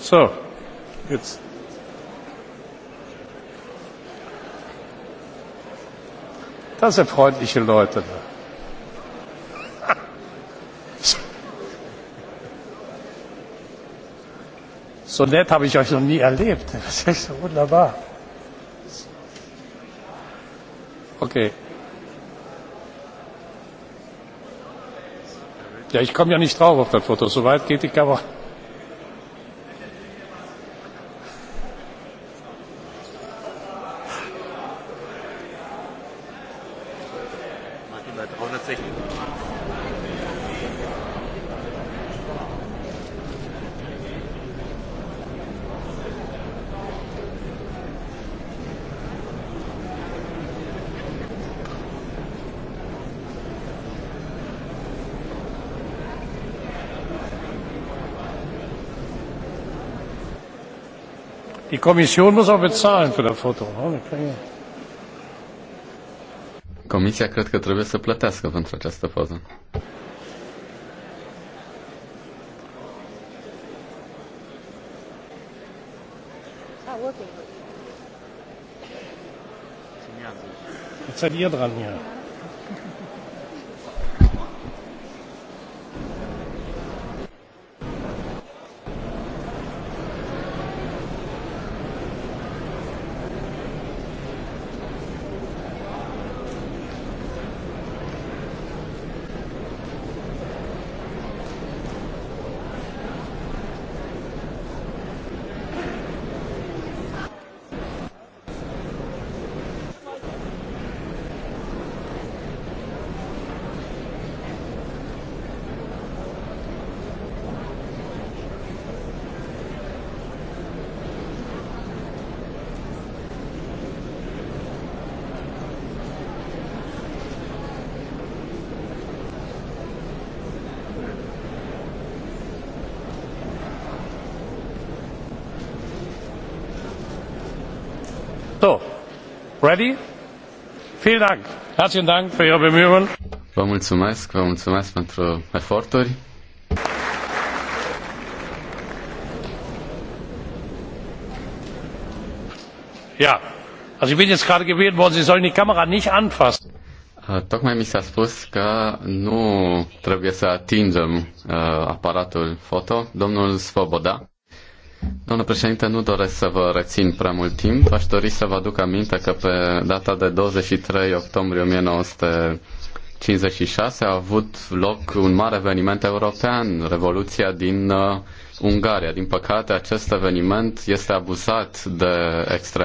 So, Das sind freundliche Leute. So nett habe ich euch noch nie erlebt. Das ist so wunderbar. Okay. Ja, ich komme ja nicht drauf auf das Foto. So weit geht die Kamera. über 360. Die Kommission muss auch bezahlen für das Foto. Oh, ne? Comisia cred că trebuie să plătească pentru această fază. Jetzt seid ihr dran hier. Vă mulțumesc, vă mulțumesc pentru eforturi. Ja, also ich bin jetzt gerade gewählt worden, Sie sollen die Kamera nicht anfassen. Äh, tocmai mi s-a spus că nu trebuie să atingem uh, aparatul foto. Domnul Svoboda. Doamnă președinte, nu doresc să vă rețin prea mult timp. Aș dori să vă aduc aminte că pe data de 23 octombrie 1956 a avut loc un mare eveniment european, Revoluția din uh, Ungaria. Din păcate, acest eveniment este abuzat de extrem